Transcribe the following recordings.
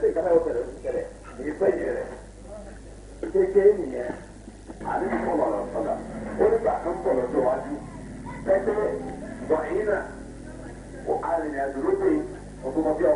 ṣe ìkàtà yóò tẹ̀lé ìṣẹ̀lẹ̀ ní ìfẹ́ yìí rẹ̀ kéèké nìyẹn àbí kọlọ̀ lọ sọ́dà ó nígbà tó ń bọ̀ lọ́jọ́ wájú pẹ́pẹ́ bọ̀yìn náà ó arìnrìn àdúrógbè ọgbọ́n bí ọ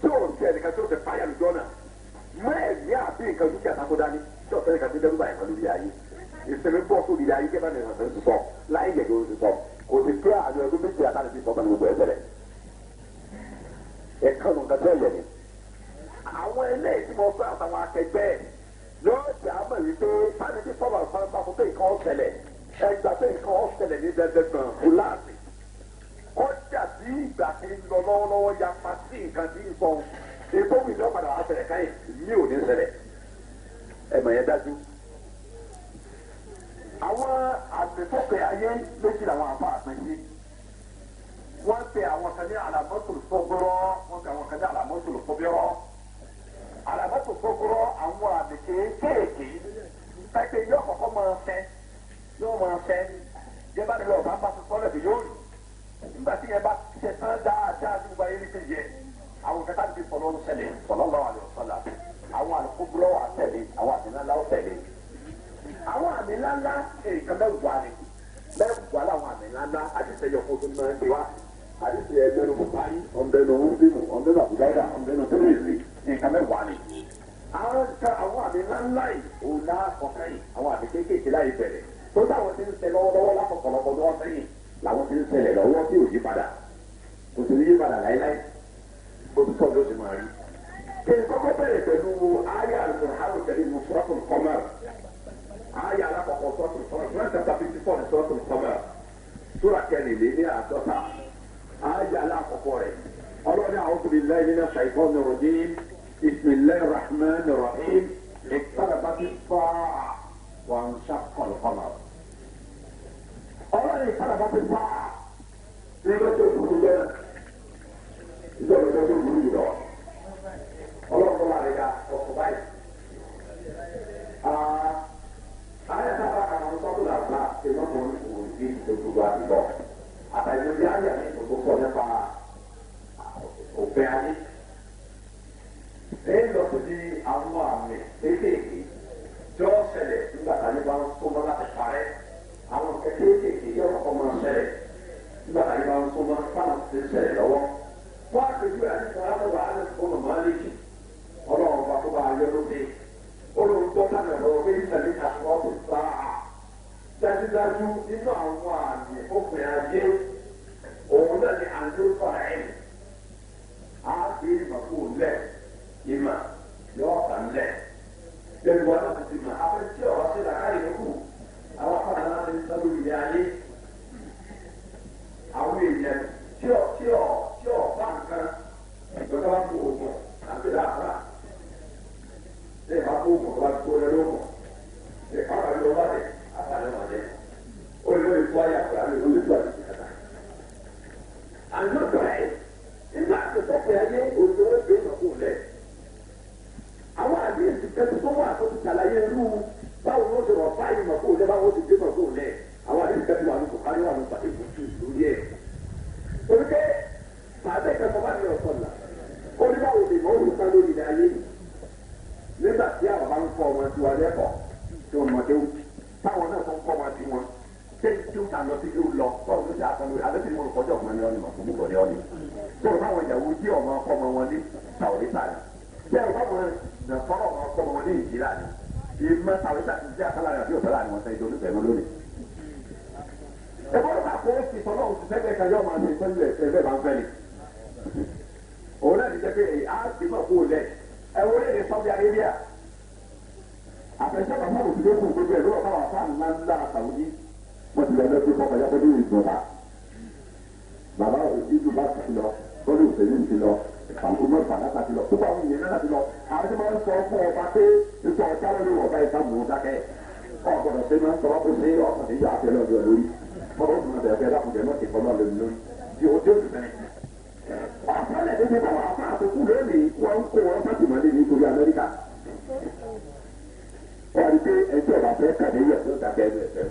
tí o ti ẹnìkan tí o ti fàyà lùjọ́ náà mọ ẹ̀mí àti nǹkan dúkìá tako dání tí o fẹ́ nìkan tí dẹ́rù báyìí kan lórí ayé ìsinmi bọ́ sórí ilé ayé kí ẹ bá ní ìrànṣẹ́ ti sọ láì yẹ̀ kí o ti sọ kò sì pé àwọn ẹgbẹ́ méjì àtàlẹ́ ti sọ pẹ̀lú gbogbo ẹ̀ bẹ̀rẹ̀ ẹ̀kan nǹkan tí ó yẹ ni àwọn eléyìí tí mo fẹ́ àtàwọn akẹgbẹ́ yóò jẹ́ àmọ̀ wípé fáwọn ẹni tí sọ́wọ́ àfọwọ́ bá fún pé nǹkan ọ̀sẹ̀lẹ̀ ẹgbàá pé nǹkan ọ̀sẹ̀lẹ̀ ní dẹ́dẹ́ gan fúláàt ìgbà tí ń lọ lọ́wọ́lọ́wọ́ ya pa sí nǹkan tí ń sọ̀hún èkó mi ní ọ̀padà wá ṣẹlẹ̀ káyìn mi ò ní ṣẹlẹ̀ ẹ̀mọ̀ yẹn dájú. àwọn àgbẹ̀fọ́pẹ̀ ayé méjì làwọn àbá àgbẹ̀yé wọ́n pe àwọn kan ní àlàmọ́tò sọ́gbọ́rọ́ wọ́n pe àwọn kan ní àlàmọ́tò fọ́bírọ́ àlàmọ́tò sọ́gbọ́rọ́ àwọn àmì kéékèèké pẹ́pẹ́ yóò kọ́kọ́ máa fẹ́ yóò máa fẹ́ jẹ́ bá nílò ọ̀bá bá ti sọ́lẹ̀ bí yóò rí nígbà tí yẹn bá ti ẹ̀sán dáadáa ní ìgbà yẹn ti yẹ àwọn kẹta ti sọ̀rọ̀ ọ̀rọ̀ sẹ̀lẹ̀ sọ̀rọ̀ lọ́wọ́ àlẹ́ ọ̀sọ̀lá àwọn àlùkòbúrọ̀ wà tẹ̀lé àwọn àmìlálá ó tẹ̀lé àwọn àmìlálá èèkàn mẹ́wàá ni mẹ́wàá làwọn àmìlálá àtẹ̀sẹ̀yọ̀ fún ọdún náà ti wá àdìsí ẹgbẹ́nu bukari ọ̀nbẹ́nu wúdìmù ọ̀nbẹ́nu àbúdáyà ọ̀nbẹ́nu tẹ́lẹ̀sì nǹkan mẹ́wàá ni. àwọn nǹkan àwọn àmì ńláńlá yìí òun náà kọ̀ọ̀kan yìí àwọn àmì kéékèèké láyé bẹ̀rẹ̀ tó táwọn ti ń ṣe lọ́wọ́lọ́wọ́ lákọ̀ọ̀kọ̀lọ́kọ̀ lọ́wọ́ sẹ́yìn làwọn ti ń ṣẹlẹ̀ tí ò yí padà kò sí yí padà láéláé òtítọ́ ló sì máa rí. kí n kọ́kọ́ bẹ̀rẹ̀ pẹ̀lú ayé àlùkòrò àrùn tẹ̀lé mu sọ́ọ̀tún kọ́mà ayé alákọ̀ọ́kọ́ sọ́ọ̀tún kọ́mà fúnra tẹ̀sán fífi fọ́ ní sọ́ọ̀tún kọ́mà sóra kẹ́lẹ̀ lé ní àádọ́ta ayé alákọ̀ọ́kọ́ rẹ̀ ọlọ́ni àwọn obìnrin lẹ́yìn nínú ṣàìkọ́ ní bisimilayi rahman rahim ìkpàdàbàtì nínú àwọn àmì òpin ayé òun náà ni àdúrà ẹ̀ á fi ìmọ̀ kó lẹ̀ ìmọ̀ yọ̀ọ̀kan lẹ̀ lẹ́nu wọn. tí wọ́n mọ̀ déwù táwọn náà tó ń kọ́ wọn sí wọn ṣé tí ó sàn lọ sí ìlú lọ báwo ló ṣe àtọ́nu alẹ́bí mo kọjọ́ ọ̀gbọ́n ni ọ̀nìmọ̀ fún mi kọ̀ ní ọ̀nì tó báwọn ìyàwó jí ọmọ ọkọ ọmọ wọn ní tàwọ́lẹ́tà ni bẹ́ẹ̀ báwọn nàfọ́rọ̀ ọmọ ọkọ ọmọ wọn ní ìjìlá ni ìmọ̀ tàwọ́lẹ́tà ti jẹ́ àkàlà rẹ̀ àbí òtọ́lá ni wọ́n sẹ́ ìjọ onífẹ̀ẹ́ lónìí ẹgbọ́n bá kó ti sọ́nà òṣìṣẹ́gbẹ́ kan yóò máa ṣe pẹ́lú ni àtẹ̀jẹ́ kan náà òṣèré kò gbogbo ẹ̀ lọ́wọ́ báwa fáà ńlá ńlá àtàwọn yìí wọ́n ti lọ lọ́sí fọ́ọ̀mù ẹ̀yà pẹ̀lú ìjọba. bàbá ìdù bá ti lọ lórí òṣèlú ti lọ àǹkó mẹ́fà láta ti lọ gbogbo àwọn èèyàn láti lọ àwọn tí wọ́n sọ fún ọba pé ìtọ́ ọjà lórí ọba ìta mò ń dákẹ́ ọgbọ̀dọ̀ ṣe máa ń sọ ọ́ pé ṣé ọkàn ti yá àfẹ́ lọ́dọ̀ lórí ọgbọ̀dọ̀ ọdún ọdẹ ọgbẹ́ fẹ́ kàdé yẹ fún kàkẹ́ ẹgbẹ́ fẹ́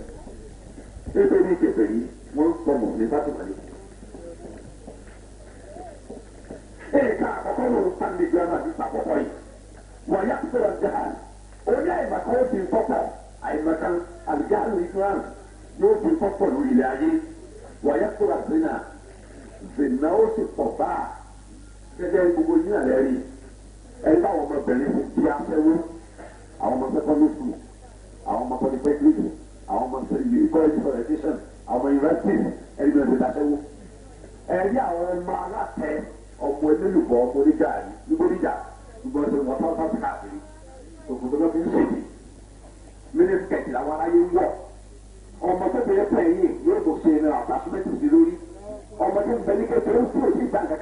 ẹgbẹ́ ní kẹfẹ́ yìí wọ́n sọmọ ní fásitì ní. èèkà àkọ́kọ́ ló ń sàmì ìgbà náà ní sàkọ́kọ́ yìí wọ́n yà kúkọ́ jáà ó ní ó di nkọ́kọ́ àyèmàkà àlùjáàlù islam yóò di nkọ́kọ́ lórí ilẹ̀ ayé wọ́n yà kúkọ́ zina zina ó ti pọ̀ báà gẹ́gẹ́ gbogbo yín àlẹ́ rí ẹ̀ bá àwọn ọmọbìnrin fún bí afẹ́wọ́ àwọn ọmọ sẹ́kọ́ndì sùn àwọn ọmọ polytechnic àwọn ọmọ college for education àwọn universities ẹni bẹ̀rẹ̀ ìdásẹ́wó. ẹ̀rí àwọn ọmọ aláàtẹ ọmọ ẹlẹ́lùbọ̀ ọmọ oníjà nígbóníjà ṣùgbọ́n ṣe wọ́n tán sáfì káàkiri òkùnkùn náà fi ń ṣèlè mínísítẹ̀tì làwọn aráyé ń wọ̀ ọmọ tó bẹ̀rẹ̀ pẹ̀yìn yóò tó ṣe ìrìn àtàkùnmẹ́tì sí lórí ọmọ tó ń bẹ ní kékeré ó sì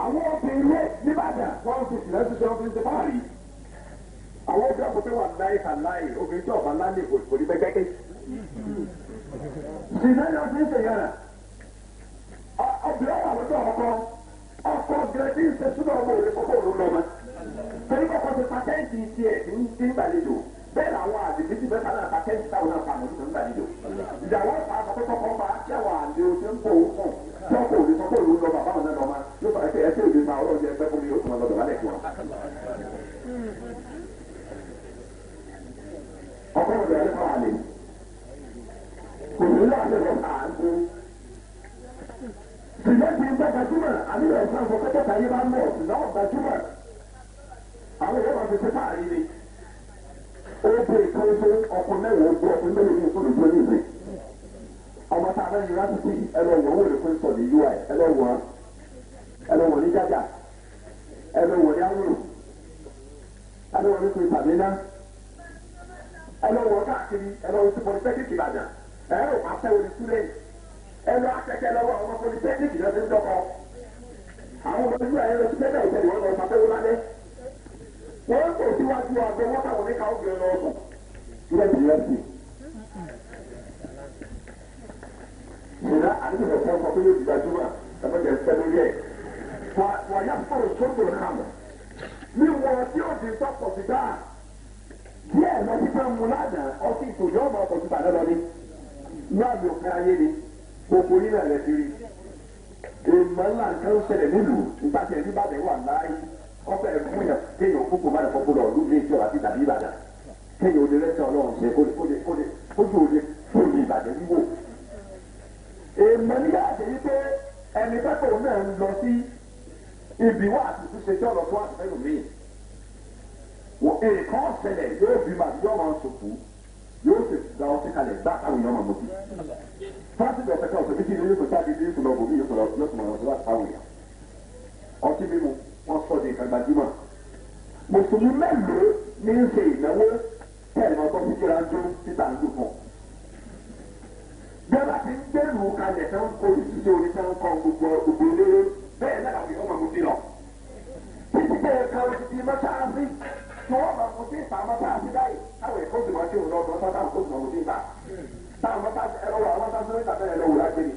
àwọn obìnrin ilé nìbàdàn wọn fi tìlẹ̀ ti sọ fún ìsèpárì àwọn obìnrin àpòpẹ́ wà láì hàn láì obìnrin tí ọ̀bá láì kò ní bẹ́ẹ̀ kẹ́kẹ́ ṣìlẹ̀ yọ sí ìṣèyàrá obìnrin wà lọ́dọ̀ ọkọ ọkọ obìnrin tí ìṣèṣúná ọmọ òun kọ́kọ́ òun lọ́mọ torí kọ́kọ́ ti pàtẹ́ǹtì tiẹ̀ ní ìgbàlejò bẹ́ẹ̀ làwọn àdìbí ti bẹ́ẹ̀ gbajúmọ̀ àníyàn ìfún àwọn kọ́kẹ́tà yìí bá ń bọ̀ ṣùgbọ́n gbajúmọ̀ àwọn ìyá máa fi ṣe fáàrí ni oge kan tó ọkùnrin mẹ́wàá ojú ọkùnrin mẹ́wàá yìí fún ìjọ ní ìwé ọmọ tá a bá yẹra títí ẹ lọ wọ owó ìfún ní ui ẹ lọ wọ ẹ lọ wọ ní jájà ẹ lọ wọ ní awúrò ẹ lọ wọ ní pin sàmínà ẹ lọ wọ káàkiri ẹ lọ wọ sí pọlítẹ́kì Ìbàdàn ẹ lọ wọ afẹ́wọ́ ní ẹlọ akẹkẹ lọ́wọ́ àwọn ọmọkùnrin tẹkíkì náà ti ń dọkọ àwọn olùdíje àyẹ̀wò ti tẹ́tẹ̀ ìtẹ̀lẹ̀ wọn lọ sàbẹ̀wò lálẹ́ wọn kò síwájú àgbo wọn táwọn oníkà obìnrin lọ sùn lẹ́bi lẹ́bi. Nyina ale bɛ fɛn fɔ ko yóò dìgbà juma ɛfɛ jɛ fɛn mi yɛ. Wa wa y'a fɔrɔ soso kan. Ni wɔɔrɔ tí o ti sɔ kɔsita. Díẹ̀ lọ sí fɛn mu n'a dan ɔsi ìtòjọ́ bọ̀ kɔsita lọ́dọ̀ ni. N'o yóò kɛra yé ni gbogbo yín náà lẹ ti rí èèmọ̀ ńlá nǹkan ń ṣẹlẹ̀ nílùú nígbà tí ẹbí bàbẹ̀ wà láàyè ọbẹ̀ ẹ̀fún yàn kéèyàn kókó bá dàpọ̀ gbọdọ̀ ọdún ní ìjọba àti tàbí Ìbàdàn kéèyàn ò lè rẹ́sẹ̀ Ọlọ́run ṣe kó lè kó lè kó jò lè fún mi Ìbàdàn wíwò. èèmọ̀ nígbà àjẹ́ yìí pé ẹni pẹ́pẹ́ náà ń lọ sí ibi wà àtúntò tí ọ̀rọ̀ fún àtúntò mi sì gba ọtí kalẹ̀ gbá àtàwọn èèyàn màmú bí. fásitì ọ̀sẹ̀ kan ọ̀sẹ̀ méjì ní yóò jáde ní yóò lọ bò ní yóò lọ yóò tún lọ èèyàn. ọtí mímu wọn sọ di ìkàgbà jímọ̀. mùsùlùmí mélòó ní ń ṣe ìnáwó tẹ̀lé ọkọ̀ fíjìlá ń dún títà ń dùn fún. bẹ́ẹ̀ bá ti ń gbẹ̀rù kalẹ̀ tán kó ìṣiṣẹ́ orí tán kọ́ gbogbo gbogbo eléré bẹ́ẹ̀ náà làwọn èèyàn màmú bí lọ. títí bẹ́ẹ̀ kan ti mọ́ṣáláṣí tí wọ́n sí ìpamọ́ ó sì máa ṣe òun lọ́dún ọ́n sátán kó sì máa wò sí ìta táwọn mọ́tà ẹ̀rọ wà wọ́n sátán lórí ìtàkẹ́ ẹ̀rọ wò lágbèrè.